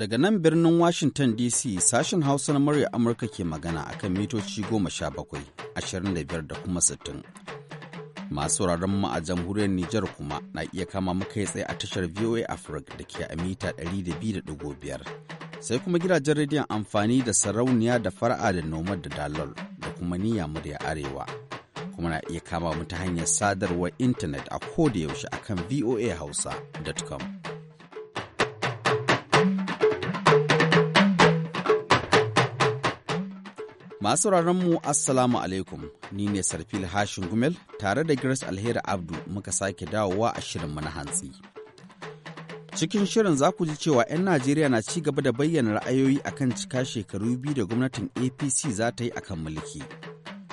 Daga nan birnin Washington DC sashen Hausa na murya Amurka ke magana akan mitoci goma sha bakwai, ashirin da biyar da kuma sittin. Masu wuraren mu a jamhuriyar Nijar kuma na iya kama mu kai tsaye a tashar VOA Africa da ke a mita 200.5. Sai kuma gidajen rediyon amfani da sarauniya da fara'a da noma da dalol da kuma niyya murya arewa. Kuma na iya kama mu ta hanyar sadarwar intanet a koda yaushe akan Hausa.com. Masu mu Assalamu alaikum, ni ne Sarfil Hashin Gumel tare da Grace Alheri Abdu muka sake dawowa a shirin mana hantsi. Cikin shirin za ku ji cewa 'yan Najeriya na ci gaba da bayyana ra'ayoyi akan cika shekaru biyu da gwamnatin APC za ta yi akan mulki.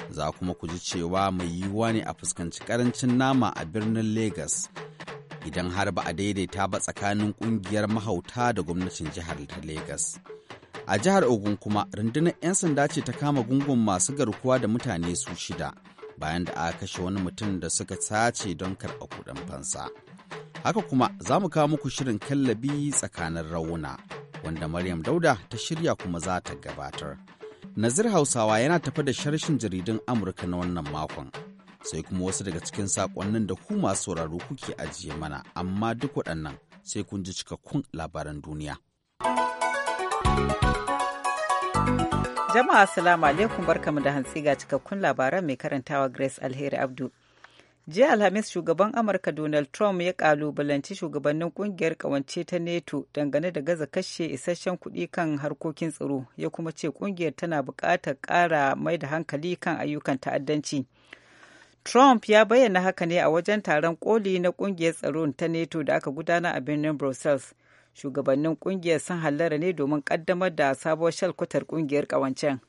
Za kuma ku ji cewa mai yiwuwa ne a fuskanci karancin nama a birnin Legas idan har ba a daidaita ba tsakanin kungiyar mahauta da gwamnatin jihar Legas. A jihar Ogun kuma rundunar 'yan sanda ce ta kama gungun masu garkuwa da mutane su shida bayan da aka kashe wani mutum da suka sace don karɓa kuɗin fansa. Haka kuma za mu kawo muku shirin kallabi tsakanin rauna wanda Maryam Dauda ta shirya kuma za ta gabatar. Nazir Hausawa yana tafa da sharshin jaridun Amurka na wannan makon. Sai kuma wasu daga cikin saƙonnin da ku masu sauraro kuke ajiye mana, amma duk waɗannan sai kun ji cikakkun labaran duniya. Jama'a assalamu alaikum barkamu da hantsi ga cikakkun labaran mai karantawa Grace Alheri Abdu. Jiya Alhamis shugaban Amurka Donald Trump ya kalubalanci shugabannin kungiyar kawance ta NATO dangane da gaza kashe isasshen kuɗi kan harkokin tsaro ya kuma ce kungiyar tana buƙatar ƙara mai da hankali kan ayyukan ta'addanci. Trump ya bayyana haka ne a wajen taron koli na kungiyar tsaron ta NATO da aka gudana a birnin Brussels. shugabannin kungiyar sun hallara ne domin kaddamar da sabuwar shalkutar kungiyar kawancen.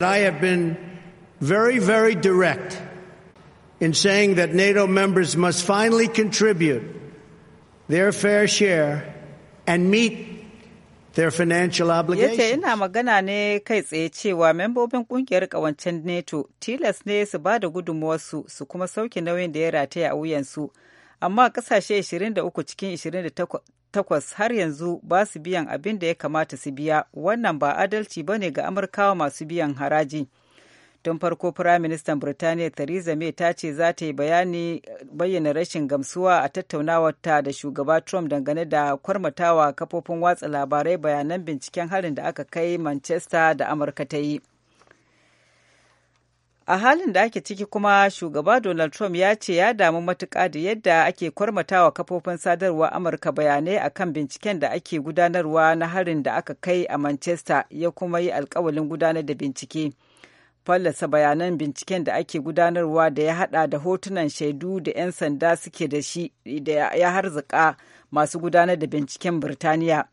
I have been very, very direct in saying that NATO members must finally contribute their fair share and meet their financial obligations. Yace ina magana ne kai tsaye cewa membobin kungiyar kawancen NATO tilas ne su ba da gudunmuwarsu su kuma sauke nauyin da ya rataya a wuyansu. Amma kasashe 23 cikin takwas har yanzu ba su biyan abin da ya kamata su biya wannan ba adalci ba ne ga amurkawa masu biyan haraji tun farko firaministan birtaniya theresa may ta ce za ta yi bayani bayyana rashin gamsuwa a tattaunawar ta da shugaba trump dangane da kwarmatawa kafofin watsa labarai bayanan binciken harin da aka kai manchester da amurka ta yi a halin da ake ciki kuma shugaba donald trump ya ce ya damu matuƙa da yadda ake kwarmatawa kafofin sadarwa amurka bayanai akan binciken da ake gudanarwa na harin da aka kai a manchester ya kuma yi alkawalin gudanar da bincike fallasa bayanan binciken da ake gudanarwa da ya hada da hotunan shaidu da 'yan sanda suke da shi da ya harzuka masu gudanar da binciken birtaniya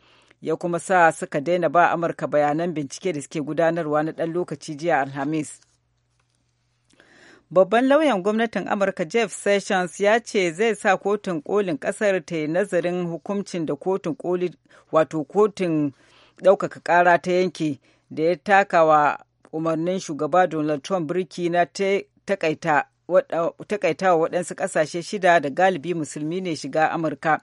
ya kuma sa suka daina ba amurka bayanan bincike da suke gudanarwa na ɗan lokaci jiya alhamis Babban lauyan gwamnatin Amurka Jeff Sessions ya ce zai sa kotun kolin kasar ta yi nazarin hukuncin da kotun koli wato kotun ɗaukaka ƙara ta yanke da ya taka wa umarnin shugaba Donald Trump birki na takaita wa waɗansu ƙasashe shida da galibi musulmi ne shiga Amurka.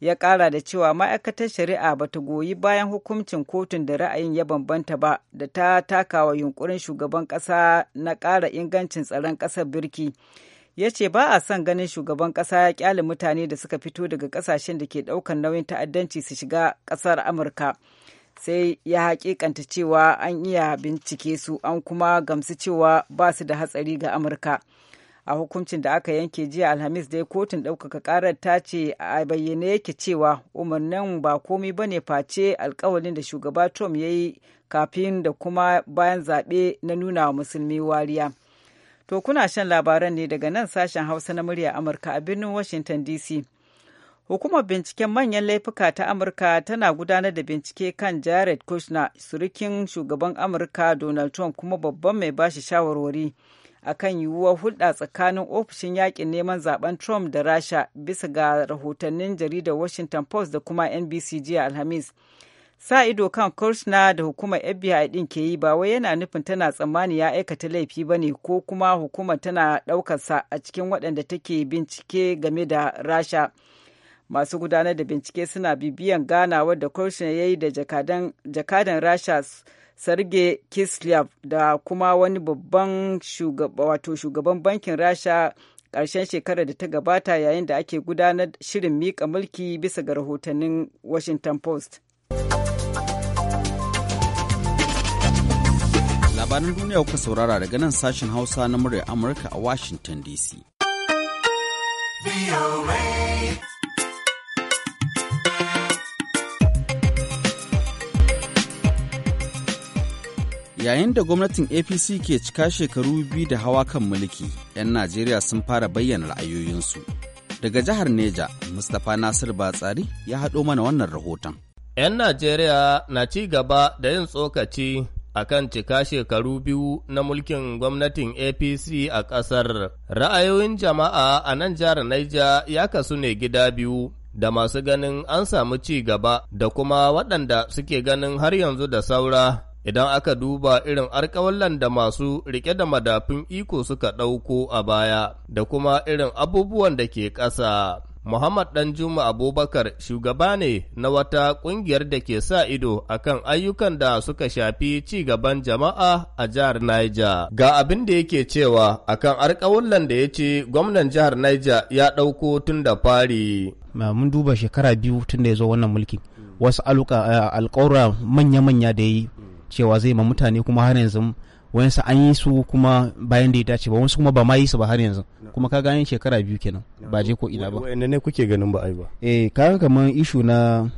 ya kara da cewa ma'aikatar shari'a ba ta goyi bayan hukuncin kotun da ra'ayin ya bambanta ba da ta takawa yunkurin shugaban ƙasa na ƙara ingancin tsaron ƙasar birki ya ce ba a son ganin shugaban ƙasa ya ƙyale mutane da suka fito daga ƙasashen da ke ɗaukar nauyin ta'addanci su shiga ƙasar amurka sai ya hakikanta cewa an iya bincike su an kuma gamsu cewa ba su da hatsari ga amurka a hukuncin da aka yanke jiya alhamis dai kotun ɗaukaka karar ta ce a bayyane yake cewa umarnin ba komi ba face alkawalin da shugaba trump ya yi kafin da kuma bayan zaɓe na nuna wa musulmi wariya to kuna shan labaran ne daga nan sashen hausa na murya amurka a birnin washington dc Hukumar binciken manyan laifuka ta Amurka tana gudanar da bincike kan Jared Kushner, surukin shugaban Amurka Donald Trump kuma babban mai bashi shawarwari. akan yiwuwar hulɗa tsakanin ofishin yakin neman zaben Trump da Rasha bisa ga rahotannin jaridar Washington Post da kuma NBC jiya Alhamis. Sa ido kan Kirshner da hukumar FBI ɗin ke yi ba wai yana nufin tana tsammani ya aikata laifi ba ne ko kuma hukumar tana ɗaukarsa a cikin waɗanda take bincike game da Rasha. Masu gudanar da bincike suna bibiyan ganawar da Kirshner ya yi da jakadan Rasha sarge kislev da kuma wani babban wato shugaban bankin rasha ƙarshen shekarar da ta gabata yayin da ake gudanar shirin miƙa mulki bisa ga rahotannin washington post labaran duniya kuka saurara daga nan sashen hausa na murya amurka a washington dc yayin da gwamnatin apc ke cika shekaru biyu da hawa kan mulki 'yan najeriya sun fara bayyana ra'ayoyinsu daga jihar neja mustapha nasir batsari ya haɗo mana wannan rahoton 'yan najeriya na ci gaba da yin tsokaci a kan cika shekaru biyu na mulkin gwamnatin apc a ƙasar ra'ayoyin jama'a a nan jihar neja ya kasu ne gida biyu da masu ganin an samu ci gaba da kuma waɗanda suke ganin har yanzu da saura idan aka duba irin alkawallan da masu rike da madafin iko suka ɗauko a baya da kuma irin abubuwan da ke ƙasa. Muhammad Danjuma Abubakar shugaba ne na wata ƙungiyar da ke sa ido akan ayyukan da suka shafi ci gaban jama'a a jihar Niger. Ga abin da yake cewa akan alƙawullan da ya ce gwamnan jihar Niger ya ɗauko tun da fari. Mun duba shekara biyu tun da ya zo wannan mulki. Wasu eh, alƙawura manya-manya da ya yi cewa zai ma mutane kuma har yanzu wayansu an yi su kuma bayan da ya dace ba wasu kuma ba ma yi su ba har yanzu kuma ka gane shekara biyu kenan ba je ko ina ba wa'anda ne kuke ganin ba ai ba eh kaga kaman issue na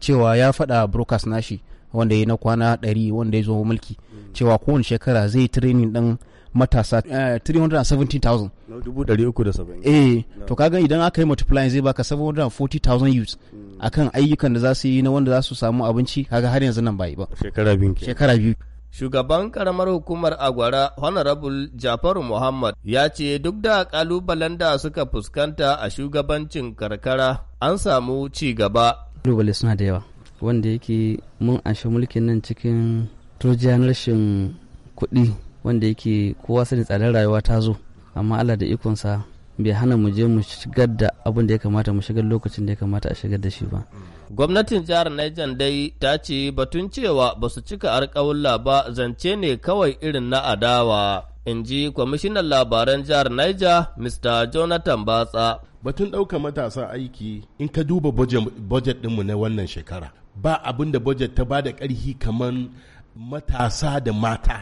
cewa ya faɗa broadcast nashi wanda ya na kwana 100 wanda ya zo mulki hmm. cewa kowane shekara zai training ɗin matasa 370,000 eh, eh to kaga idan aka yi multiplying zai baka 740,000 youths hmm. akan ayyukan da za su yi na wanda za su samu abinci kaga har yanzu nan bai ba shekara biyu shekara biyu Shugaban karamar hukumar Agwara Honorable Jafaru Muhammad ya ce duk da kalubalen da suka fuskanta a shugabancin karkara an samu ci gaba. Kalubale suna da yawa wanda yake mun ashe mulkin nan cikin turjiyan rashin kuɗi wanda yake kowa sani tsadar rayuwa ta zo amma allah da ikonsa bai hana mu je mu shigar da abin da ya kamata mu shigar lokacin da ya kamata a shigar da shi ba. Gwamnatin jihar Niger dai ta ce batun cewa ba su cika alƙawulla ba zance ne kawai irin na adawa. In ji kwamishinan labaran jihar Niger Mr. Jonathan Batsa. Batun ɗaukar matasa aiki in ka duba budget ɗinmu na wannan shekara ba abin da budget ta ba da ƙarfi kamar matasa da mata.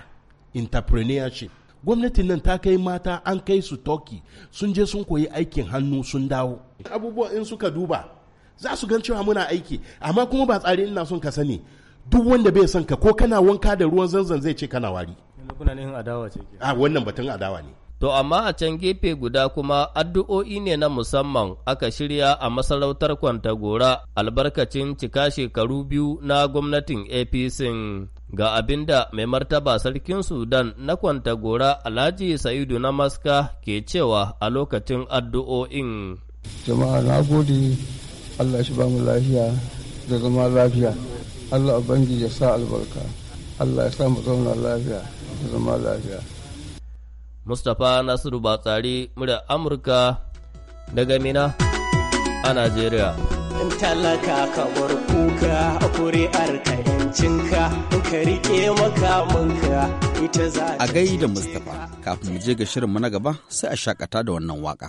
entrepreneurship gwamnatin nan ta kai mata an kai su toki sun je sun koyi aikin hannu sun dawo abubuwan in suka duba za su gan cewa muna aiki amma kuma ba tsari ina son ka sani duk wanda bai son ka ko kana wanka da ruwan zanzan zai ce kana wari a ah, wannan batun adawa ne To amma a can gefe guda kuma addu'o'i ne na musamman aka shirya a masarautar Kwantagora albarkacin cika shekaru biyu na gwamnatin APC. Ga abin da mai martaba sarkin Sudan na kwanta gora Alhaji Sa'idu na Maska ke cewa a lokacin addu'o'in. Jama'a na gode Allah shi ba mu lafiya da zama lafiya. Allah abangi ya sa albarka. Allah ya sa mu zauna lafiya da zama lafiya. Mustapha Nasiru Batsari murya Amurka daga Mina a Najeriya. In talaka ka bar kuka a kuri'ar ka ka riƙe makamanka ita za a gaida mustapha kafin mu je ga mu na gaba sai a shakata da wannan waka.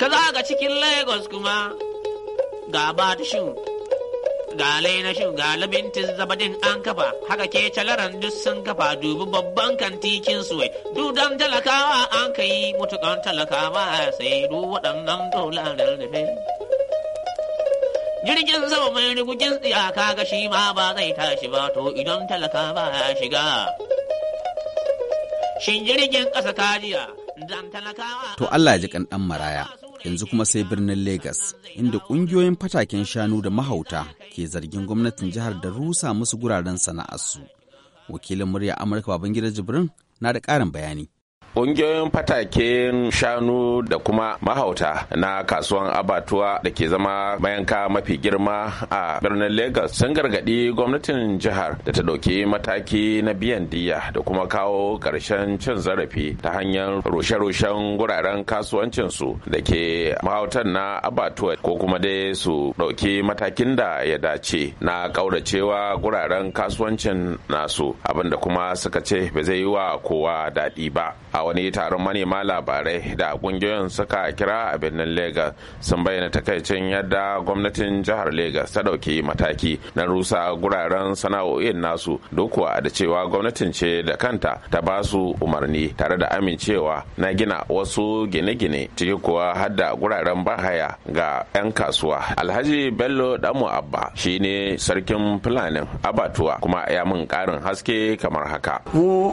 ka ga cikin lagos kuma ga batishin ga lainashin ga labintin zabadin an kafa haka ke calaran duk sun kafa dubi babban kantikin suwai dudan talakawa an kai yi mutukan talakawa sai du waɗannan dolarar da jirgin sama mai rigugin tsiyaka ga shi ma ba zai tashi ba to idan talaka ya shiga shin jirgin ƙasa kajiya dan talakawa to Allah ya ji kan ɗan maraya yanzu kuma sai birnin Legas, inda ƙungiyoyin fataken shanu da mahauta ke zargin gwamnatin jihar da rusa musu guraren sana'arsu. Wakilin murya Amurka Babangida Jibrin na da ƙarin bayani. ƙungiyoyin fataken shanu da kuma mahauta na kasuwan abatuwa da ke zama mayanka mafi girma a birnin lagos sun gargaɗi gwamnatin jihar da ta ɗauki mataki na biyan diya da kuma kawo ƙarshen cin zarafi ta hanyar rushe-rushen guraren kasuwancinsu da ke mahautan na abatuwa ko kuma dai su ɗauki matakin da ya dace na ƙauracewa guraren kasuwancin nasu abinda kuma suka ce ba zai yi wa kowa daɗi ba a wani taron manema labarai da kungiyoyin suka kira a birnin legas sun bayyana takaicin yadda gwamnatin jihar legas ta ɗauki mataki na rusa guraren sana'o'in nasu dokuwa da cewa gwamnatin ce da kanta ta ba su umarni tare da amincewa na gina wasu gine-gine ciki kuwa har da guraren bahaya ga 'yan kasuwa alhaji bello damu abba shine sarkin fulanin abatuwa kuma ya mun karin haske kamar haka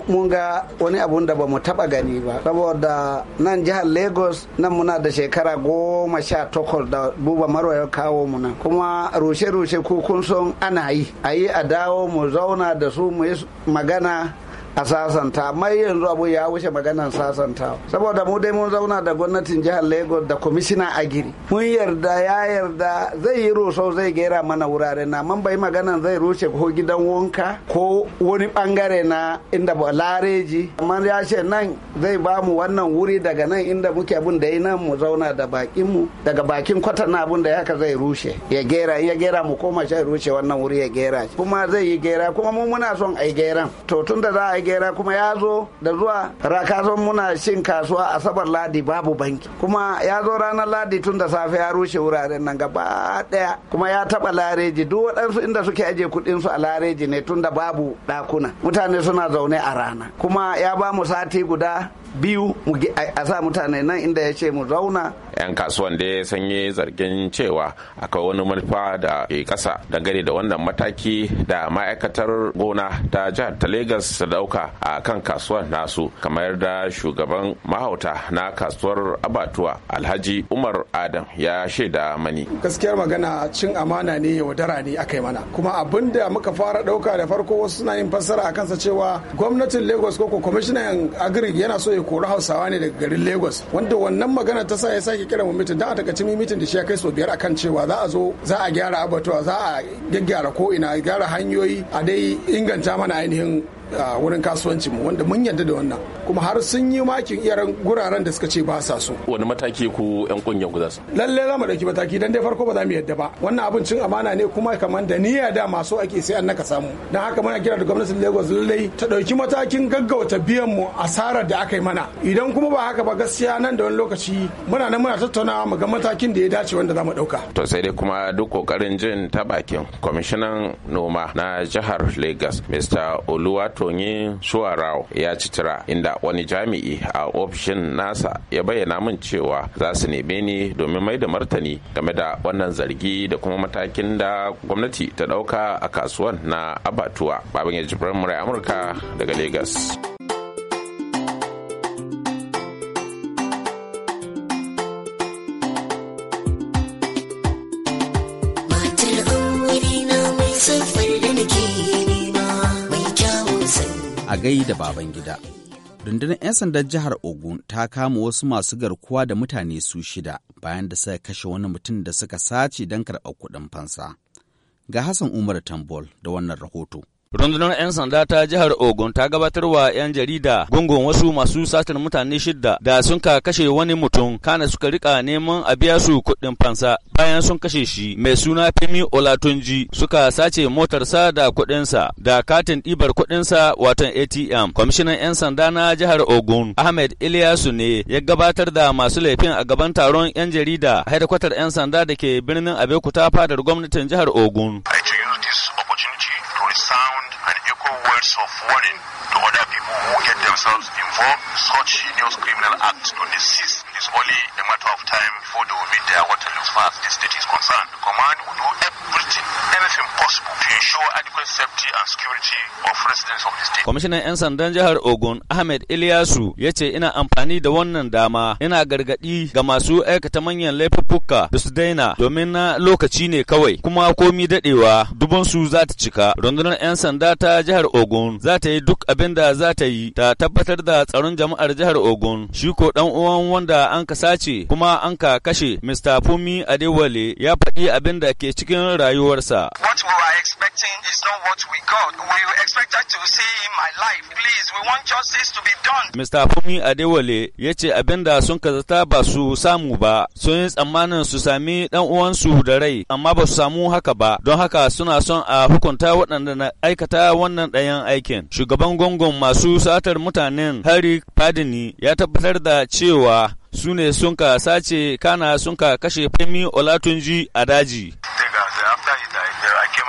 mun ga wani abun da ba mu taba gani ba saboda nan jihar lagos nan muna da shekara goma sha takwas da buba marwa kawo mu nan kuma rushe-rushe kukun son ana yi a yi a dawo mu zauna da su mu yi magana a sasanta amma yanzu abu ya wuce maganar sasanta saboda mu dai mun zauna da gwamnatin jihar lagos da kwamishina a giri mun yarda ya yarda zai yi roso zai gera mana wurare na man bai maganan zai rushe ko gidan wanka ko wani bangare na inda ba lareji amma ya ce nan zai ba mu wannan wuri daga nan inda muke abun da yi nan mu zauna da bakin mu daga bakin kwata na abun da haka zai rushe ya gera ya gera mu koma shi rushe wannan wuri ya gera kuma zai yi gera kuma mu muna son ai geran to tunda za a yi gera kuma ya zo da zuwa rakazon muna shin kasuwa asabar ladi babu banki kuma ya zo ranar ladi tun da safe ya rushe wuraren nan gaba daya kuma ya taba lareji duk waɗansu inda suke aje kuɗin su a lareji ne tun da babu ɗakuna mutane suna zaune a rana kuma ya ba mu sati guda biyu a sa mutane nan inda ya ce mu zauna yan kasuwan da ya sanye zargin cewa akwai wani manufa da ke kasa dangane da wannan mataki da ma'aikatar gona ta jihar ta lagos ta dauka a kan kasuwar nasu kamar da shugaban mahauta na kasuwar abatuwa alhaji umar adam ya shaida mani gaskiyar magana cin amana ne yaudara ne aka yi mana kuma abin da muka fara dauka da farko wasu suna yin fassara a kansa cewa gwamnatin lagos ko kwamishinan agri yana so ya kori hausawa ne daga garin lagos wanda wannan magana ta sa ya sake kira mu mitin don a takaice mu mitin da shi ya kai so biyar akan cewa za a zo za a gyara abatuwa za a gyaggyara ko ina gyara hanyoyi a dai inganta mana ainihin a wurin kasuwancin mu wanda mun yarda da wannan kuma har sun yi makin iyaran guraren da suka ce ba sa so wani mataki ku yan kungiyar guda su lalle za mu dauki mataki dan dai farko ba za mu yarda ba wannan cin amana ne kuma kamar da niyya da masu ake sai an naka samu dan haka muna kira da gwamnatin Lagos lalle ta dauki matakin gaggauta biyan mu asarar da aka yi mana idan kuma ba haka ba gaskiya nan da wani lokaci muna nan muna tattaunawa mu ga matakin da ya dace wanda za mu dauka to sai dai kuma duk kokarin jin ta bakin kwamishinan noma na jihar Lagos Mr. Oluwat Tonye Suwarao ya ci tira inda wani jami'i a ofishin nasa ya bayyana min cewa za su neme ni domin mai da martani game da wannan zargi da kuma matakin da gwamnati ta dauka a kasuwan na abatuwa. Baban ya jibrin murai Amurka daga Legas. a da baban gida. Rundunar 'yan sandan jihar Ogun ta kama wasu masu garkuwa da mutane su shida bayan da suka kashe wani mutum da suka sace don karɓar kuɗin fansa. Ga Hassan Umar Tambol da wannan rahoto. Rundunar 'yan sanda ta jihar Ogun ta gabatar wa 'yan jarida gungun wasu masu satar mutane shidda da sun ka kashe wani mutum kana suka rika neman a biya su kuɗin fansa bayan sun kashe shi mai suna Femi Olatunji suka sace motarsa da kuɗinsa da katin ɗibar kuɗinsa watan ATM. Kwamishinan 'yan sanda na jihar Ogun Ahmed iliyasu ne ya gabatar da masu laifin a gaban taron 'yan jarida a hedkwatar 'yan sanda da ke birnin Abeokuta fadar gwamnatin jihar Ogun. words of warning to other people who get themselves involved in such heinous criminal acts to desist. It's only a matter of time before they will meet their Waterloo as far as the state is concerned. Come Kwamishinan 'yan sandan jihar Ogun Ahmed Ilyasu ya ce ina amfani da wannan dama ina gargaɗi ga masu aikata manyan laifuffuka da su daina domin na lokaci ne kawai kuma komi daɗewa dubansu za ta cika. Rundunar 'yan sanda ta jihar Ogun za ta yi duk abin da za ta yi ta tabbatar da tsaron jama'ar jihar Ogun. Shi ko ɗan uwan wanda an ka sace kuma an ka kashe Mr. Fumi Adewale ya faɗi abin da ke cikin rayuwarsa. expecting is not what we got. We expected to see my life. Please, we want justice to be done. Mr. Fumi Adewale ya ce da sun kazata ba su samu ba, sun yi tsammanin su sami dan uwansu da rai, amma ba su samu haka ba, don haka suna son a hukunta waɗanda na aikata wannan ɗayan aikin. Shugaban gongon masu satar mutanen Harry Fadini ya tabbatar da cewa su ne sun ka sace kana sun ka kashe Femi Olatunji a daji.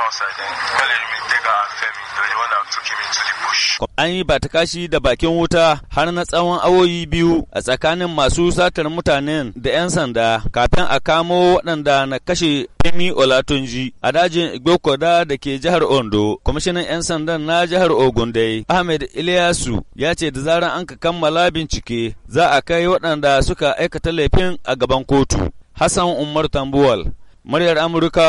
outside eh? and tell him take her and Femi, the one that took him into the bush. An yi batakashi da bakin wuta har na tsawon awoyi biyu a tsakanin masu satar mutanen da 'yan sanda kafin a kamo waɗanda na kashe Femi Olatunji a dajin Igbokoda da ke jihar Ondo. Kwamishinan 'yan sandan na jihar Ogun dai, Ahmed Ilyasu ya ce da zarar an ka kammala bincike za a kai waɗanda suka aikata laifin a gaban kotu. Hassan Umar Tambuwal, muryar Amurka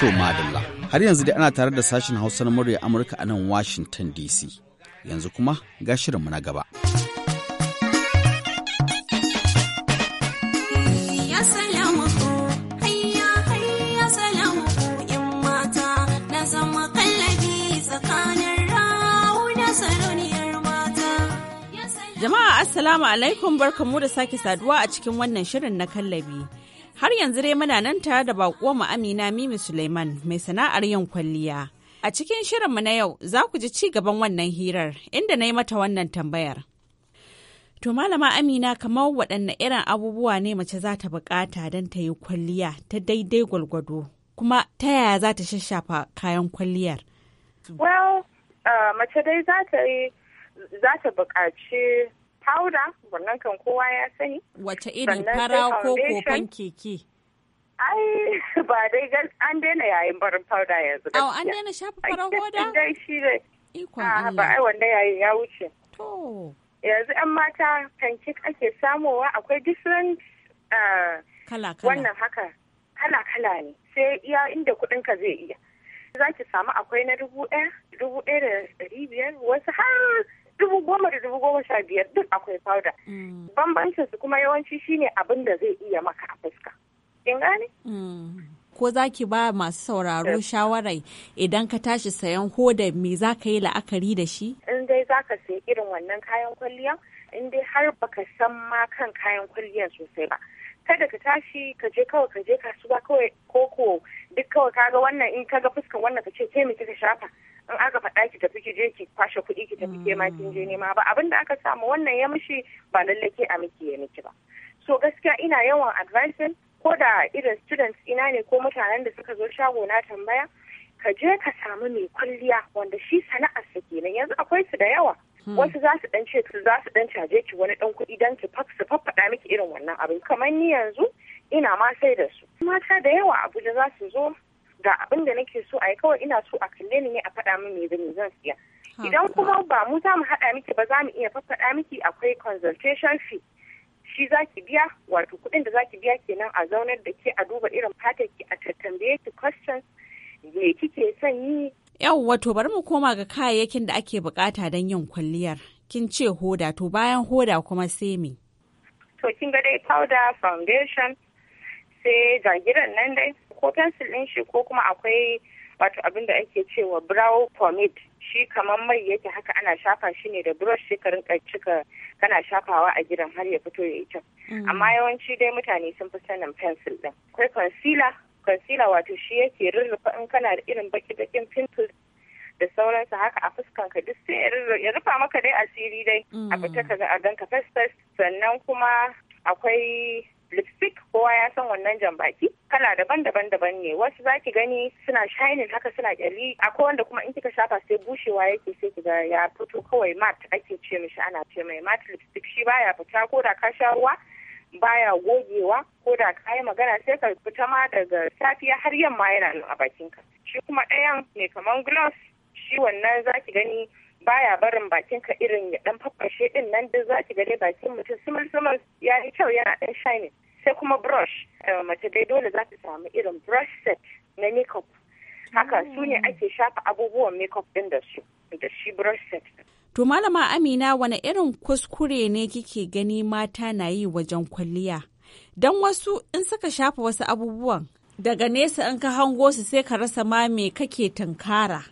To madalla, har yanzu dai ana tare da sashen Hausa na murya Amurka a nan Washington DC. Yanzu kuma ga shirinmu na gaba. Jama'a Assalamu alaikum barkamu da sake saduwa a cikin wannan shirin na kallabi. Har yanzu dai muna nan tare da baƙo mu Amina Mimi Suleiman mai sana'ar yin kwalliya. A cikin shirin mu na yau za ku ji ci gaban wannan hirar inda na yi mata wannan tambayar. To malama Amina kamar waɗanne irin abubuwa ne mace za ta buƙata don ta yi kwalliya ta daidai gwalgwado kuma ta yaya za ta shashafa kayan kwalliyar? Well, uh, mace dai za ta yi za ta buƙaci powder wannan kan kowa ya sani wace iri fara ko kofan keke ai ba dai an daina yayin barin powder yanzu Awa, an daina shafa fara hoda dai shi ne ikon Allah ba ai wanda yayin ya wuce to yanzu yan mata pancake ake samowa akwai different ah, kala kala wannan haka kala kala ne sai iya inda kuɗin ka zai iya za ki samu akwai na dubu ɗaya dubu ɗaya da ɗari biyar wasu har dubu goma da dubu goma sha biyar duk akwai powder mm. bambancin su kuma yawanci shine abin da zai iya maka a fuska kin gane mm. ko za ki ba masu sauraro shawarai idan ka tashi sayan hoda me za ka yi la'akari da shi in dai za ka sayi irin wannan kayan kwalliyan in dai har baka san ma kan kayan kwalliyan sosai ba kada ka tashi ka je kawai ka je kasuwa kawai ko ko duk kawai kaga wannan in ka ga fuskan wannan ka ce ke mu kika shafa in aka faɗa ki tafi ki je ki kwashe kuɗi ki tafi ke ma kin je nema ba abin da aka samu wannan ya mishi ba lalle ke a miki ya miki ba so gaskiya ina yawan advising ko da irin students ina ne ko mutanen da suka zo shago na tambaya ka je ka samu mai kwalliya wanda shi sana'ar sa kenan yanzu akwai su da yawa Hmm. wasu za su dan ce za su dan caje ki wani dan kuɗi dan su faffada miki irin wannan abin kamar ni yanzu ina ma sai da su mata da yawa abuja za su zo ga abin da nake so a yi kawai ina so a kalle ni ne a faɗa min me zan zan siya idan kuma ba mu za mu haɗa miki ba za mu iya faffada miki akwai consultation fee shi za ki biya wato kuɗin da za ki biya kenan a zaunar da ke a duba irin fatar ki a tattambaye ki questions me kike son yi yau wato bari mu koma ga kayayyakin da ake bukata don yin kwalliyar. Kin ce hoda to bayan hoda kuma sai me? To kin ga dai powder foundation sai jagiran nan dai ko pencil din shi ko kuma akwai wato abin da ake cewa brow pomade shi kamar mai yake haka ana shafa shi ne da brush shi karin cika kana shafawa a gidan har ya fito ya yi mm. amma yawanci dai mutane sun fi sanin pencil din akwai concealer kansila wato shi yake rurrufa in kana da irin baki-bakin pimples da sauransu haka a fuskan ka duk sai ya rufa maka dai asiri dai a mm. fita ka a ganka fes fes sannan kuma akwai lipstick kowa ya san wannan jan baki kala daban-daban daban ne wasu zaki gani suna shining haka suna kyali akwai wanda kuma in kika shafa sai bushewa yake sai kiga ya fito kawai mat ake ce mishi ana ce mai mat lipstick shi baya fita ko da ka sha ruwa baya gogewa ko da ka yi magana sai ka fita ma daga safiya har yamma yana nan a bakinka shi kuma ɗayan mai kaman gloves shi wannan zaki gani baya barin bakinka irin ya dan faffashe din nan duk zaki gani bakin mutum sumul sumul ya yi kyau yana dan shining sai kuma brush eh, mace dai dole za ta samu irin brush set na makeup haka su ne ake shafa abubuwan makeup din da su da shi brush set To malama Amina wani irin kuskure ne kike gani mata na yi wajen kwalliya? Don wasu in suka shafa wasu abubuwan daga nesa in ka hango su sai ka rasa ma me kake tunkara.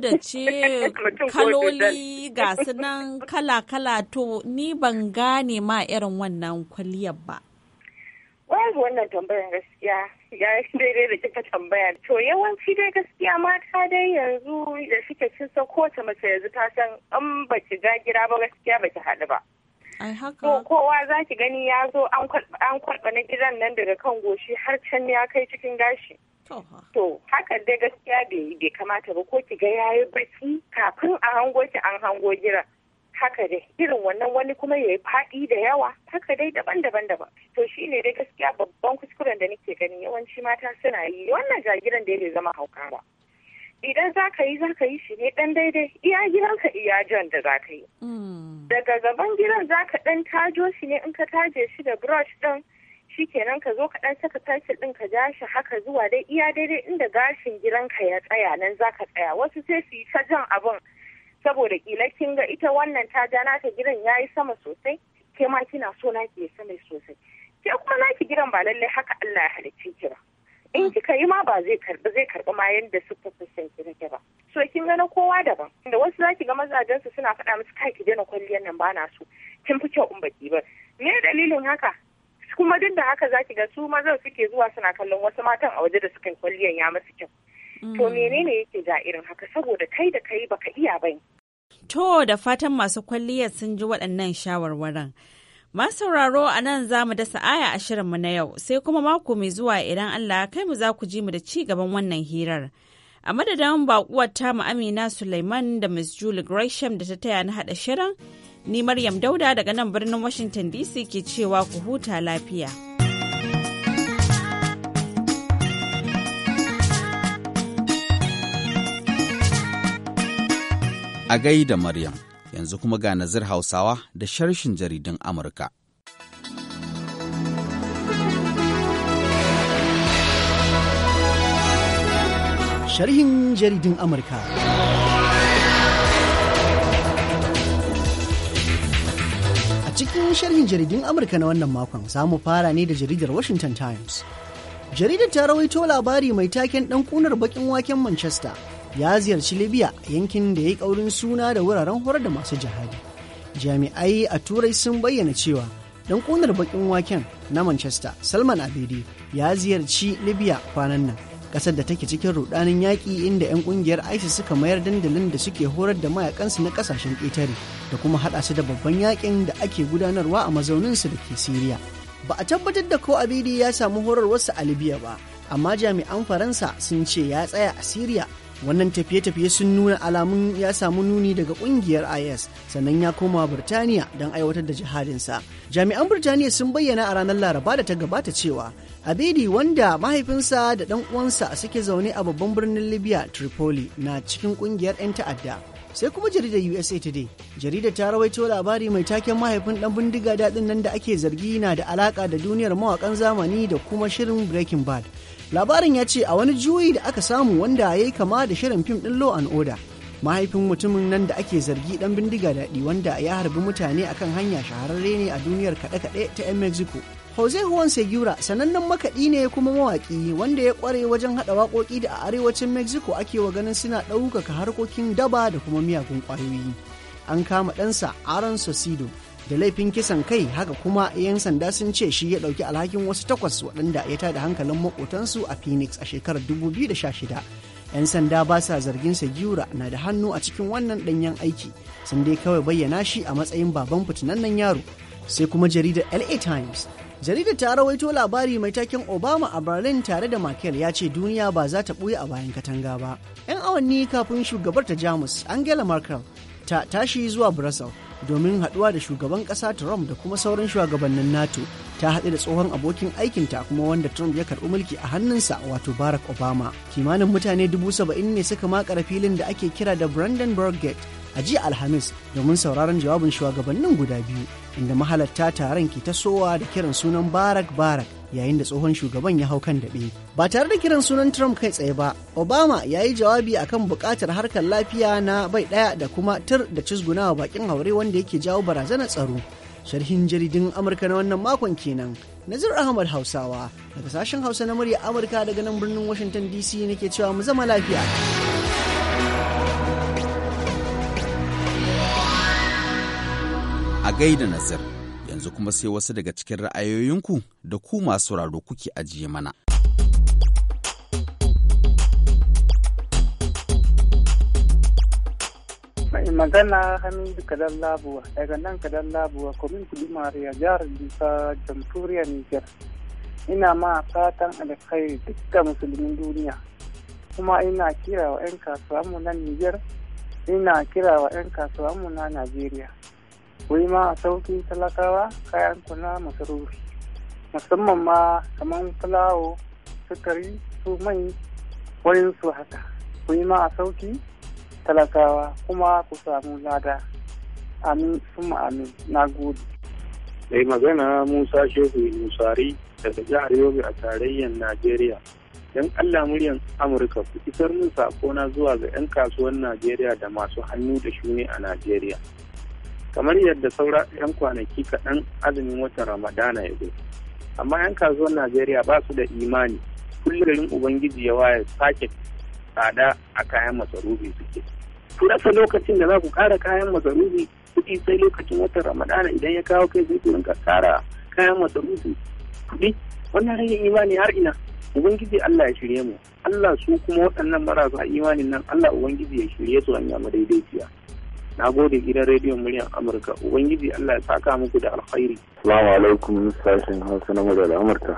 da ce kaloli ga nan kala-kala to ni ban gane ma irin wannan kwalliyar ba. Wai wannan tambayar gaskiya ya daidai da kika tambaya. To yawanci dai gaskiya mata dai yanzu da suke cin kowace mace yanzu ta san in ba ki ga gira ba gaskiya ba ki haɗu ba. Ko kowa za ki gani ya zo an kwalba na gidan nan daga kan goshi har can ya kai cikin gashi. To hakan dai gaskiya bai kamata ba ko ki ga yayi baki kafin a hango ki an hango gidan. haka dai irin wannan wani kuma ya yi faɗi da yawa haka dai daban-daban daban to shi ne dai gaskiya babban kuskuren da nake gani yawanci mata suna yi wannan jagiran da ya zama hauka ba idan za ka yi za ka yi shi ne ɗan daidai iya gidanka iya jan da za ka yi hmm. daga gaban gidan za ka ɗan tajo shi ne in ka taje shi da brush ɗin shi kenan ka zo ka ɗan saka tashi ɗin ka ja shi haka zuwa dai iya daidai inda gashin gidanka ya tsaya nan za ka tsaya wasu sai su yi ta jan abin saboda kila kin ga ita wannan ta ja naka gidan yayi sama sosai ke ma kina so na ke sama sosai ke kuma naki gidan ba lallai haka Allah ya halicce ki ba in kika yi ma ba zai karbi zai karbi ma yanda suka fusan ki take ba so kin ga na kowa daban da wasu zaki ga mazajen su suna faɗa musu kai ki daina kwalliyar nan ba na so kin fi kyau in baki ba me dalilin haka kuma duk da haka zaki ga su mazan suke zuwa suna kallon wasu matan a waje da suka kwalliyar ya musu kyau To mm. menene yake da irin haka saboda kai da kai baka iya bai. To da fatan masu kwalliyar sun ji waɗannan shawarwarin. Masu sauraro a nan za mu dasa aya a shirinmu na yau sai kuma mako mai zuwa idan Allah kai mu za ku ji mu da ci gaban wannan hirar. A madadin bakuwar tamu Amina Suleiman da ms Julie Gresham da ta taya na haɗa shirin, ni Maryam Dauda daga nan birnin Washington DC ke cewa ku huta lafiya. A gaida Maryam, yanzu kuma ga nazir Hausawa da sharshin jaridun Amurka. Sharhin jaridun Amurka. A cikin sharhin jaridun Amurka na wannan makon za mu fara ne da jaridar Washington Times. Jaridar ta rawaito labari mai taken ɗan ƙunar baƙin waken Manchester. ya ziyarci libya yankin da ya yi ƙaurin suna da wuraren horar da masu jihadi jami'ai a turai sun bayyana cewa dan ƙunar bakin waken na manchester salman Abidi ya ziyarci libya kwanan nan ƙasar da take cikin rudanin yaƙi inda 'yan ƙungiyar isis suka mayar dandalin da suke horar da mayakansu na ƙasashen ƙetare da kuma haɗa su da babban yaƙin da ake gudanarwa a mazauninsu da ke siriya ba a tabbatar da ko abidi ya samu horarwarsa a libya ba amma jami'an faransa sun ce ya tsaya a siriya wannan tafiye-tafiye sun nuna alamun ya samu nuni daga kungiyar is sannan ya koma birtaniya don aiwatar da jihadinsa jami'an birtaniya sun bayyana a ranar laraba da ta gabata cewa abidi wanda mahaifinsa da dan uwansa suke zaune a babban birnin libya tripoli na cikin kungiyar 'yan ta'adda sai kuma jaridar usa today jaridar ta rawaito labari mai taken mahaifin dan bindiga dadin nan da ake zargi na da alaka da duniyar mawakan zamani da kuma shirin breaking bad labarin ya ce a wani juyi da aka samu wanda ya yi kama da shirin fim ɗin law and order mahaifin mutumin nan da ake zargi ɗan bindiga daɗi wanda ya harbi mutane akan hanya shahararre ne a duniyar kaɗe-kaɗe ta 'yan mexico Jose Juan Segura sanannen makaɗi ne kuma mawaƙi wanda ya ƙware wajen haɗa waƙoƙi da a arewacin Mexico ake wa ganin suna ɗaukaka harkokin daba da kuma miyagun ƙwayoyi. An kama ɗansa Aaron Sosido da laifin kisan kai haka kuma 'yan sanda sun ce shi ya ɗauki alhakin wasu takwas waɗanda ya tada hankalin makotansu a phoenix a shekarar 2016 'yan sanda ba sa zargin sa Gura na da hannu a cikin wannan ɗanyen aiki sun dai kawai bayyana shi a matsayin baban fitinannan yaro sai kuma jaridar la times jaridar ta rawaito labari mai taken obama a berlin tare da makel ya ce duniya ba za ta ɓuya a bayan katanga ba 'yan awanni kafin shugabar ta jamus angela merkel ta tashi zuwa brussels domin haɗuwa da shugaban ƙasa Trump da kuma sauran shugabannin NATO ta haɗu da tsohon abokin aikinta kuma wanda Trump ya karɓi mulki a hannunsa wato Barack Obama. Kimanin mutane dubu saba'in ne suka makara filin da ake kira da Brandenburg Gate a jiya Alhamis domin sauraron jawabin shugabannin guda biyu inda mahalarta taron ke ta sowa da kiran sunan Barack Barack yayin da tsohon shugaban ya hau kan daɓe. Ba tare da kiran sunan Trump kai tsaye ba, Obama ya yi jawabi akan buƙatar harkar lafiya na bai ɗaya da kuma tur da cizgunawa bakin haure wanda yake jawo barazanar tsaro. Sharhin jaridin Amurka na wannan makon kenan. Nazir Ahmad Hausawa daga sashen Hausa na murya Amurka daga nan birnin Washington DC nake cewa mu zama lafiya. A gaida Nazir. yanzu kuma sai wasu daga cikin ra'ayoyinku da ku masu sauraro kuke ajiye mana. mai magana hamidu kadan labuwa daga nan kadan labuwa kwamin kudu mariya jihar jisa jamhuriyar niger ina ma fatan alkhairi dukkan musulmin duniya kuma ina kira wa 'yan mu na niger ina kira wa 'yan mu na najeriya ku ma a sauƙi talakawa kayan kuna masarufi musamman ma kamar fulawo sukari su mai wurin su haka ku yi ma sauƙi talakawa kuma ku samu lada amin sun amin na gode mai magana musa shehu musari daga jihar yobe a tarayyar najeriya don allah muryan amurka ku isar min sakona zuwa ga 'yan kasuwan najeriya da masu hannu da shuni a najeriya kamar yadda saura 'yan kwanaki kaɗan azumin watan ramadana ya zo amma 'yan kasuwar najeriya ba su da imani kullum ubangiji ya waye sake tsada a kayan masarufi suke ku rasa lokacin da za ku ƙara kayan masarufi kuɗi sai lokacin watan ramadana idan ya kawo kai zai ku kayan masarufi kuɗi wannan rage imani har ina ubangiji Allah ya shirye mu Allah su kuma waɗannan marasa imanin nan Allah ubangiji ya shirye su hanya madaidaiciya na gode gidan rediyon muryar amurka ubangiji allah ya saka muku da alkhairi salamu alaikum sashen hausa na muryar amurka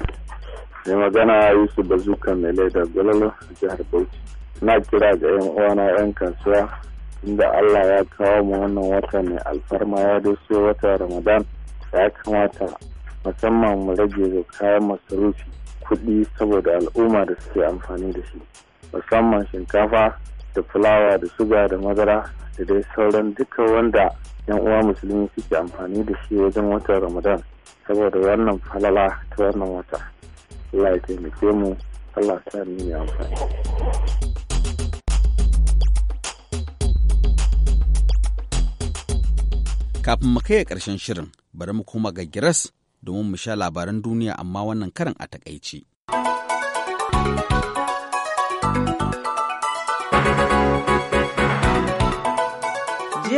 mai magana yusuf bazuka mai laida a jihar bauchi na kira ga yan uwana yan kasuwa inda allah ya kawo mu wannan wata mai alfarma ya doso wata ramadan ya kamata musamman mu rage kayan masarufi kuɗi saboda al'umma da suke amfani da shi musamman shinkafa da fulawa da suga da madara da dai sauran duka wanda yan uwa musulmi suke amfani da shi wajen watan ramadan saboda wannan falala ta wannan wata allah ya taimake mu allah ta nuna amfani kafin mu kai ƙarshen shirin bari mu koma ga giras domin mu sha labaran duniya amma wannan karin a takaice.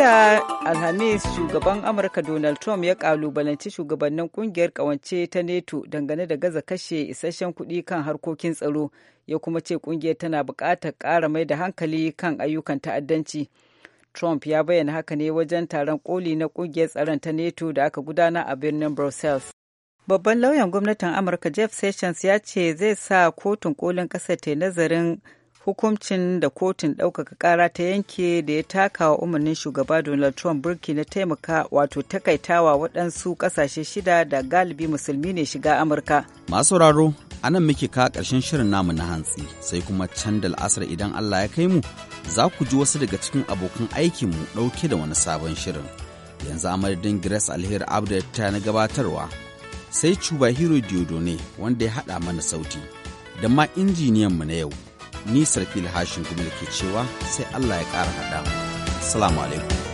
jiya alhamis shugaban amurka donald trump ya kalubalanci shugabannin kungiyar kawance ta neto dangane da gaza kashe isasshen kuɗi kan harkokin tsaro ya kuma ce kungiyar tana buƙatar ƙara mai da hankali kan ayyukan ta'addanci trump ya bayyana haka ne wajen taron koli na kungiyar tsaron ta neto da aka gudana a birnin brussels babban lauyan gwamnatin amurka jeff sessions ya ce zai sa kotun kolin ƙasar ta yi nazarin hukuncin da kotun ɗaukaka ƙara ta yanke da ya taka wa umarnin shugaba donald trump burki na taimaka wato takaitawa waɗansu ƙasashe shida da galibi musulmi ne shiga amurka masu a nan muke ka ƙarshen shirin namu na hantsi sai kuma can da al'asar idan allah ya kai mu za ku ji wasu daga cikin abokan aikin mu ɗauke da wani sabon shirin yanzu amadadin grace alheri abdu ta na gabatarwa sai cuba hero diodone wanda ya haɗa mana sauti da ma injiniyan mu na yau ni da hashin kuma ke cewa sai allah ya ƙara haɗa salamu alaikum